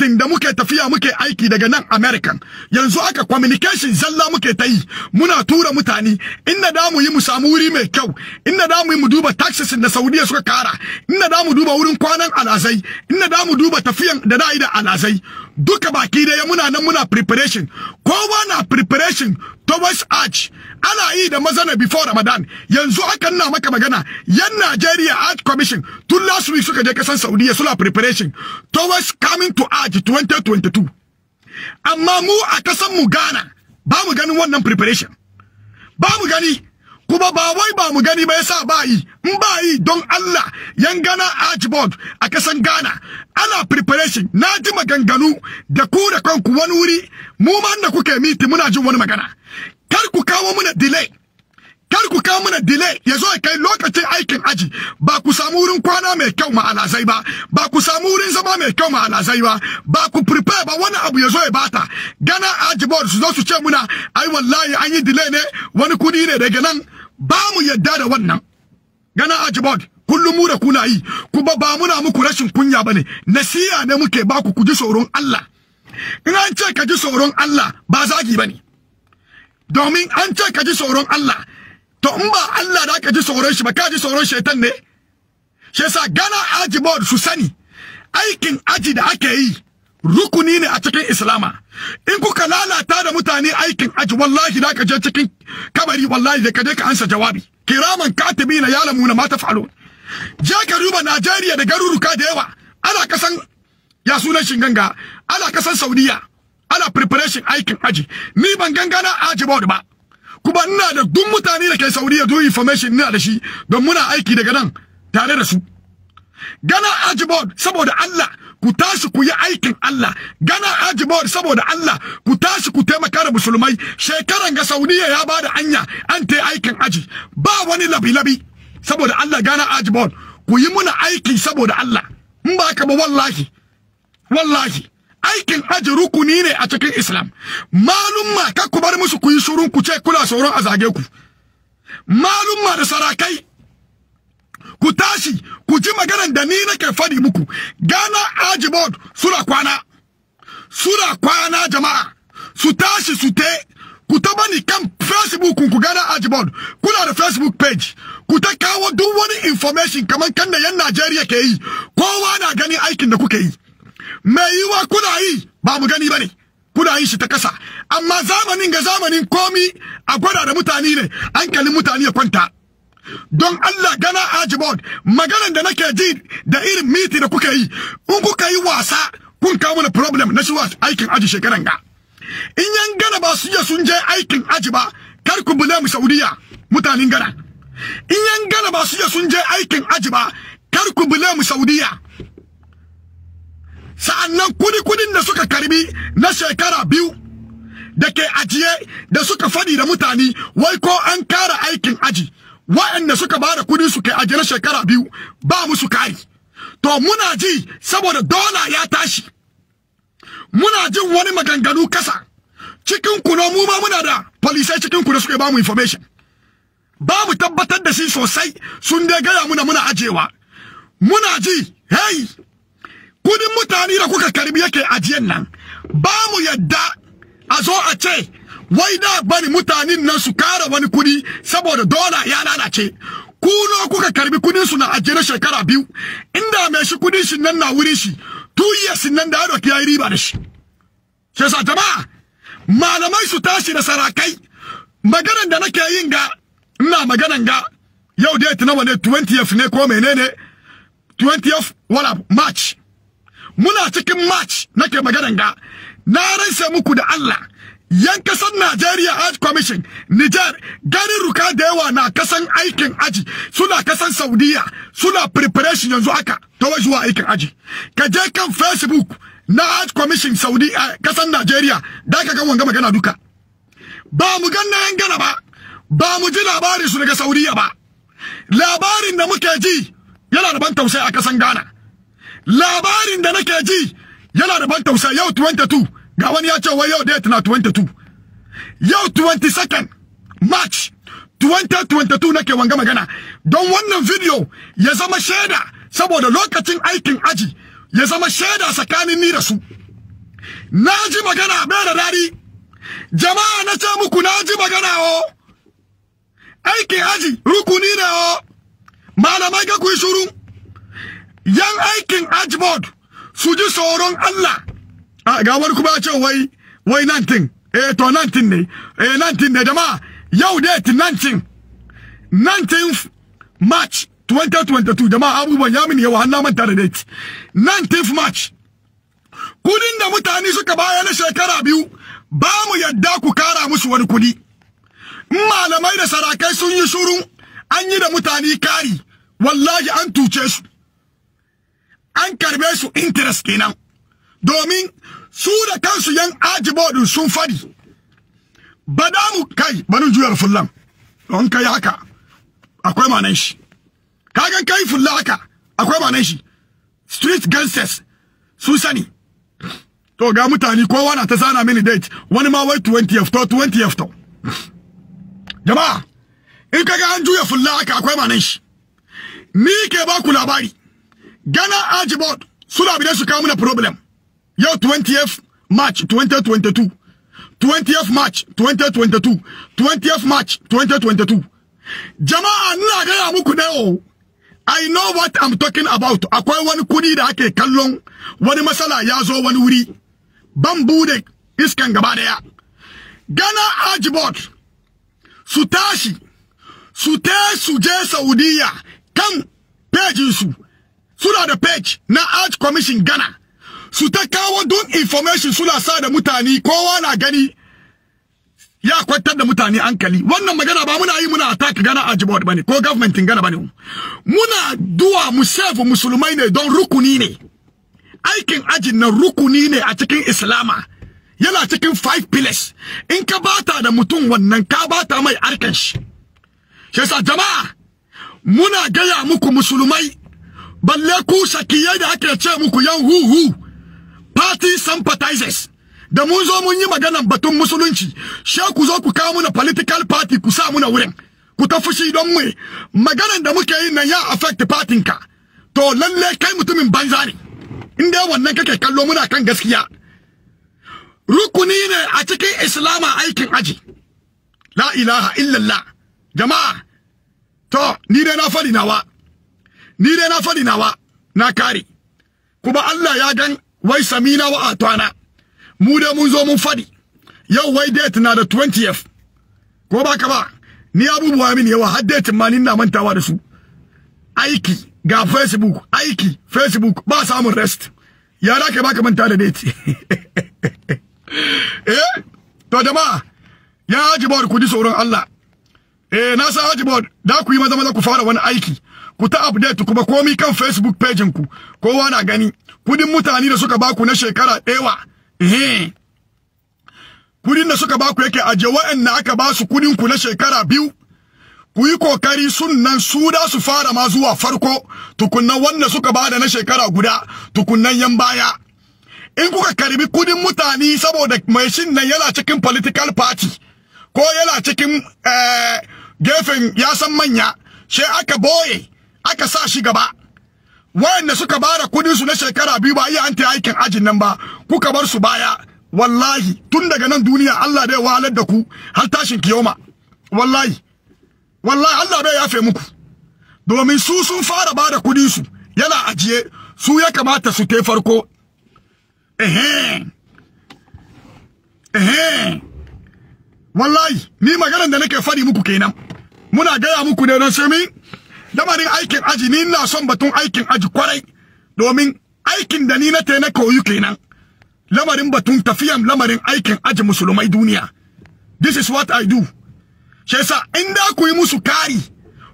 meeting da muke tafiya muke aiki daga nan American yanzu aka communication zalla muke ta yi muna tura mutane inda da mu yi mu samu wuri mai kyau inda da mu yi mu duba taxes da Saudiya suka kara inda da mu duba wurin kwanan alazai inda da mu duba tafiyan da da'i da alazai duka baki da muna nan muna preparation kowa na preparation towards arch ana yi da mazana before ramadan yanzu haka na maka magana yan nigeria art commission tun last week suka je kasan saudiya suna preparation towards coming to arch 2022 amma mu a kasan mu ghana ba mu ganin wannan preparation ba mu gani kuma ba wai ba mu gani ba yasa ba yi in ba yi don Allah yan gana archboard a kasan Ghana ana preparation na ji maganganu da ku da kanku wani wuri mu ma da kuke miti muna jin wani magana kar ku kawo muna delay kar ku kawo mana delay ya zo kai lokacin aikin aji ba ku samu wurin kwana mai kyau ma alazai ba ba ku samu wurin zama mai kyau ma alazai ba ba ku prepare ba wani abu ya zo ya bata gana aji su zo su ce muna ai wallahi an yi delay ne wani kudi ne daga nan ba mu yadda da wannan gana ajibod kullum mu da kuna yi kuma ba muna muku rashin kunya bane nasiya ne muke ba ku ji tsoron Allah in an ce ka ji tsoron Allah ba zagi bane domin an ce ka ji tsoron Allah to in ba Allah da ka ji tsoron shi ba ka ji tsoron shaitan ne shi yasa gana ajibod su sani aikin aji da ake yi rukuni ne a cikin islama in kuka lalata da mutane aikin aji wallahi da ka je cikin kabari wallahi da ka je ka ansa jawabi kiraman katibi na yala na mata falo. je ka duba Najeriya da garuruka da yawa ana kasan ya sunan shinganga ana kasan Saudiya ana preparation aikin aji ni ban gangana aji board ba kuma ina da duk mutane da ke Saudiya do information ina da shi don muna aiki daga nan tare da su gana aji board saboda Allah ku tashi ku yi aikin Allah gana ajibawar saboda Allah ku tashi ku taimaka da musulmai shekaran ga Saudiya ya da anya an ta aikin aji ba wani labi-labi saboda Allah gana ajibawar ku yi muna aiki saboda Allah in ba ka ba wallahi wallahi aikin aji rukuni ne a cikin Islam ma ka ku bar musu ku yi shurun ku ce kula sauran a zage ku ma da sarakai tashi ku ji maganan da ni nake faɗi muku gana ajibod sura kwana suna kwana jama'a su tashi su te ku ta bani kan Facebook ku gana ajibod Board kuna da Facebook page ku ta kawo duk wani information kamar kan da yan Najeriya ke yi kowa na gani aikin da kuke yi mai yiwa kuna yi ba mu gani bane kuna yin shi ta kasa amma zamanin ga zamanin komi a gwada da mutane ne hankalin mutane ya kwanta don Allah gana ajibog maganan da nake ji da irin miti da kuka yi in kuka yi wasa kun kawo mana problem na shi aikin aji shekaran ga in yan gana ba su je sun je aikin aji ba kar ku bule mu Saudiya mutanen gana in yan gana ba su je sun je aikin aji ba kar ku bule Saudiya sa'annan kudi kudin da suka karbi na shekara biyu da ke ajiye da suka fadi da mutane wai ko an kara aikin aji waɗanda suka ba da kuɗin su kai a shekara biyu ba musu kari to muna ji saboda dola ya tashi muna jin wani maganganu kasa cikin ku mu ma muna da polisai cikin ku da ba mu information ba mu tabbatar da shi sosai sun dai gaya muna muna ajewa muna ji hey kudin mutane da kuka karbi yake ajiyan nan ba mu yadda a zo a ce wai da bari mutanen nan su kara wani kudi saboda dola ya lalace kuno kuka karbi kudin su na ajira shekara biyu inda mai shi kudin shi nan na wuri shi two shi nan da yaro ki yi riba da shi shi jama'a malamai su tashi da sarakai maganan da nake yin ga ina maganan ga yau date nawa wane 20th ne ko menene 20th wala march muna cikin march nake maganan ga na rasa muku da Allah yan kasan Najeriya Hajj Commission Niger garuruka da yawa na kasan aikin aji suna kasan Saudiya suna preparation yanzu haka ta wajuwa aikin aji ka je kan Facebook na Hajj Commission Saudi kasan Najeriya da ka ga wanga magana duka ba mu ganna yan gana ba ba mu ji labarin su daga Saudiya ba labarin da muke ji yana da ban tausayi a kasan Ghana labarin da nake ji yana da ban tausayi yau 22 ga wani ya ce wai yau date na 22 yau 22nd march 2022 nake wanga magana don wannan video ya zama shaida saboda lokacin aikin aji ya zama shaida tsakanin ni da su na ji magana bai da dadi jama'a na ce muku na ji magana o aikin aji rukuni ne o malamai ga ku yi shuru yan aikin aji board su ji tsoron Allah Ah, ga wani kuma ya ce wai wai nantin eh to nantin ne eh nantin ne jama'a yau date 19 nantin th March 2022 jama'a abubuwan ya mini yawa har na manta da date nantin th March kudin da mutane suka baya na shekara biyu ba mu yadda ku kara musu wani kudi malamai da sarakai sun yi shuru an yi da mutane kari wallahi an tuce su an karbe su interest kenan domin su da kansu yan aji din sun fadi ba da mu kai bani juyar fullan don kai haka akwai manan shi kagan kai fulla haka akwai manan shi street gangsters sun sani to ga mutane kowa na ta sana mini date wani ma wai 20 after 20 after to jama'a in kaga an juya fulla haka akwai manan shi ni ke ba ku labari gana ajibot suna bidan su kawo mana problem yau 20th march 2022 20th march 2022 20th march 2022 jama'a ina ga muku ne o I know what I'm talking about akwai wani kudi da ake kallon wani matsala ya zo wani wuri ban bude iskan gaba daya gana Ajibot su tashi su te su je Saudiya kan pejinsu suna da page na Arch Commission Ghana su ta kawo don information suna sa da mutane kowa na gani ya kwantar da mutane hankali wannan magana ba muna yi muna attack gana a jibot bane ko governmentin gana bane muna duwa mu save musulmai ne don rukuni ne aikin ajin na rukuni ne a cikin islama yana cikin five pillars in ka bata da mutum wannan ka bata mai arkan shi shi yasa jama'a muna gaya muku musulmai balle ku shakiyai da ake ce muku yan huhu party sympathizers da mun zo mun yi maganan batun musulunci she ku zo ku kawo muna political party ku sa muna wurin ku ta fushi don mu maganan da muke yi nan ya affect party ka to lalle kai mutumin banza ne in dai wannan kake kallo muna kan gaskiya rukuni ne a cikin islama aikin aji la ilaha illallah jama'a to ni dai na fadi nawa ni dai na fadi nawa na kare kuma Allah ya gan wai samina wa atwana mu da mun zo mun fadi yau wai date na da 20th ko ba ka ba ni abubuwa min yawa har date ma ni na mantawa da su aiki ga facebook aiki facebook ba samun rest da ka baka manta da date eh to jama'a ya haji ku ji tsoron Allah eh na san haji da ku yi maza maza ku fara wani aiki ku ta update kuma komi kan facebook page ku kowa na gani kudin mutane da suka baku na shekara ɗewa eh kudin da suka baku yake aje waɗanda aka ba su kudin ku na shekara biyu ku yi kokari sunnan su da su fara ma zuwa farko tukunnan wanda suka ba da na shekara guda tukunnan yan baya in kuka karbi kudin mutane saboda mai shin nan yana cikin political party ko yana cikin eh, gefen ya san manya sai aka boye aka sa shi gaba wayanda suka bada kudin su na shekara biyu ba iya an aikin ajin nan ba kuka bar su baya wallahi tun daga nan duniya Allah bai wahalar da ku har tashin kiyoma wallahi wallahi Allah bai yafe muku domin su sun fara bada kudin su yana ajiye su ya kamata su tai farko ehe ehe wallahi ni maganar da nake fari muku kenan muna gaya muku ne don sai lamarin aikin aji ni ina son batun aikin aji kwarai domin aikin da ni na te na koyu kenan lamarin batun tafiyan lamarin aikin aji musulmai duniya this is what i do shi yasa in da ku yi musu kari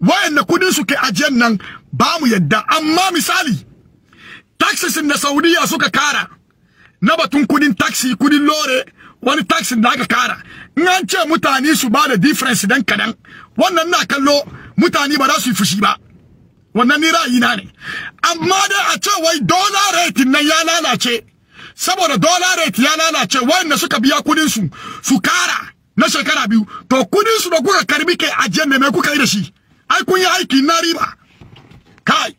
wayanda kudin su ke ajiyan nan ba mu yadda amma misali taxes na saudiya suka kara na batun kudin taxi kudin lore wani taxi da aka kara in an ce mutane su ba da difference dan kadan wannan na kallo mutane ba za su yi fushi ba wannan ni ra'ayi na ne amma dai a ce wai dollar rate nan ya lalace saboda dollar rate ya lalace wanda suka biya kudin su su kara na shekara biyu to kudin su da kuka karbi kai ajiyar ne mai kuka yi da shi ai kun yi aiki na riba kai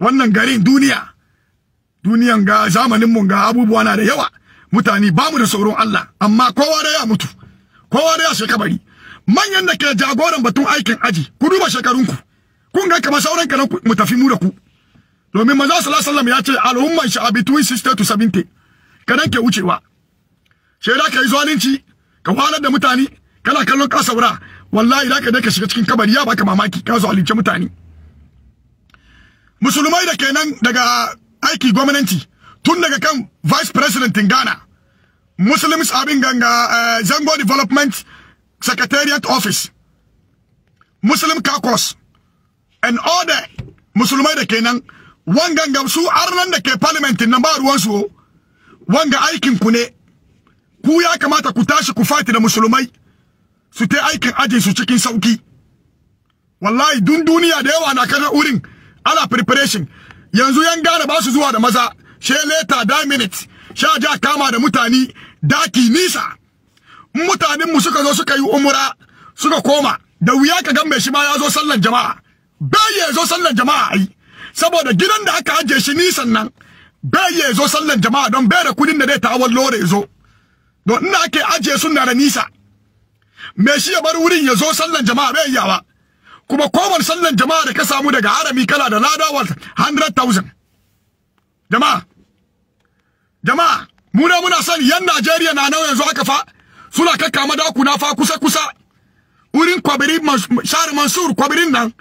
wannan garin duniya duniyan ga zamanin mun ga abubuwa na da yawa mutane ba mu da tsoron Allah amma kowa da ya mutu kowa da ya shekabari manyan da ke jagoran batun aikin aji ku duba shekarunku kun ga kamar sauran kanan mu tafi mu da ku domin manzo sallallahu alaihi ya ce al'umman shi abituin 60 to 70 kanan ke wucewa shaida kai zalunci ka wahalar da mutane kana kallon ka saura wallahi da ka da ka shiga cikin kabari ya baka mamaki ka zalunci mutane musulmai da kenan daga aiki gwamnati tun daga kan vice president in Ghana Muslims abin ganga eh, Zango Development Secretariat Office, Muslim Caucus, and all the Muslim da kenan, wangan gamsu arnan da ke parliament number ba ruwansu, wanga aikin ku ne, ku ya kamata ku tashi ku fati da Musulmai, su ta aikin ajin su cikin sauki. Wallahi dun duniya da yawa na kana urin, ala preparation, yanzu yan gane basu zuwa da maza, she later die minutes, sha ja kama da mutane daki nisa. mutanen mu suka zo suka yi umura suka koma da wuya ka gambe mai shi ma ya zo sallan jama'a bai ya zo sallan jama'a ai saboda gidan da aka aje shi nisan nan bai ya zo sallan jama'a don bai da kudin da zai ta lore ya zo don ina ake aje sunna da nisa Me shi ya bar wurin ya zo sallan jama'a bai ba. kuma komar sallan jama'a da ka samu daga arami kala da lada 100,000 jama'a jama'a muna muna sani yan Najeriya na nawa yanzu aka fa suna kakkama dakuna fa kusa kusa wurin kwabiri shar mansur kwabirin nan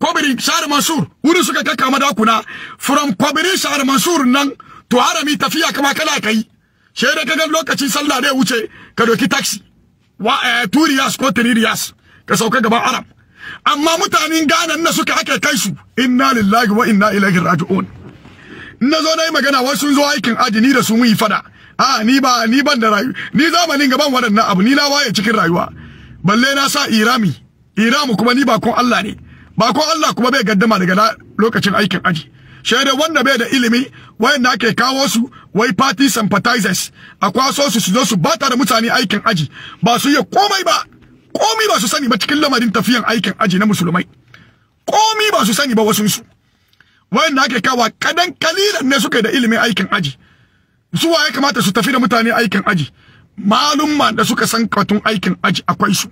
kwabiri shar mansur wurin suka kakkama dakuna from kwabiri shar mansur nan to harami tafiya kama kana kai she da kaga lokacin sallah ne wuce ka doki taxi wa eh, two ko three ka sauka gaban arab amma mutanen ganan na suka ake kai su inna lillahi wa inna ilaihi raji'un na zo na yi magana wasu sun zo aikin ajini da su mun yi fada a ni ba ni ban da rayu ni zamanin gaban waɗannan abu ni na waye cikin rayuwa balle na sa irami iramu kuma ni bakon Allah ne bakon Allah kuma bai gaddama daga lokacin aikin aji shaida wanda bai da ilimi wayanda ake kawo su wai party sympathizers a kwaso su su zo su bata da mutane aikin aji ba su iya komai ba komai ba su sani ba cikin lamarin tafiyan aikin aji na musulmai komai ba su sani ba wasu su wayanda ake kawo kadan kalilan ne suka da ilimin aikin aji su waye kamata su tafi da mutane aikin aji malumma da suka san katun aikin aji akwai su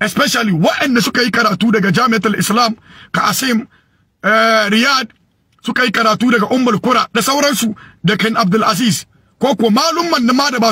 especially waɗanda suka yi karatu daga jami'atul islam kasim eh, riyad suka yi karatu daga umbul kura da sauransu da kan abdul aziz ko kuwa malumman da ma da ba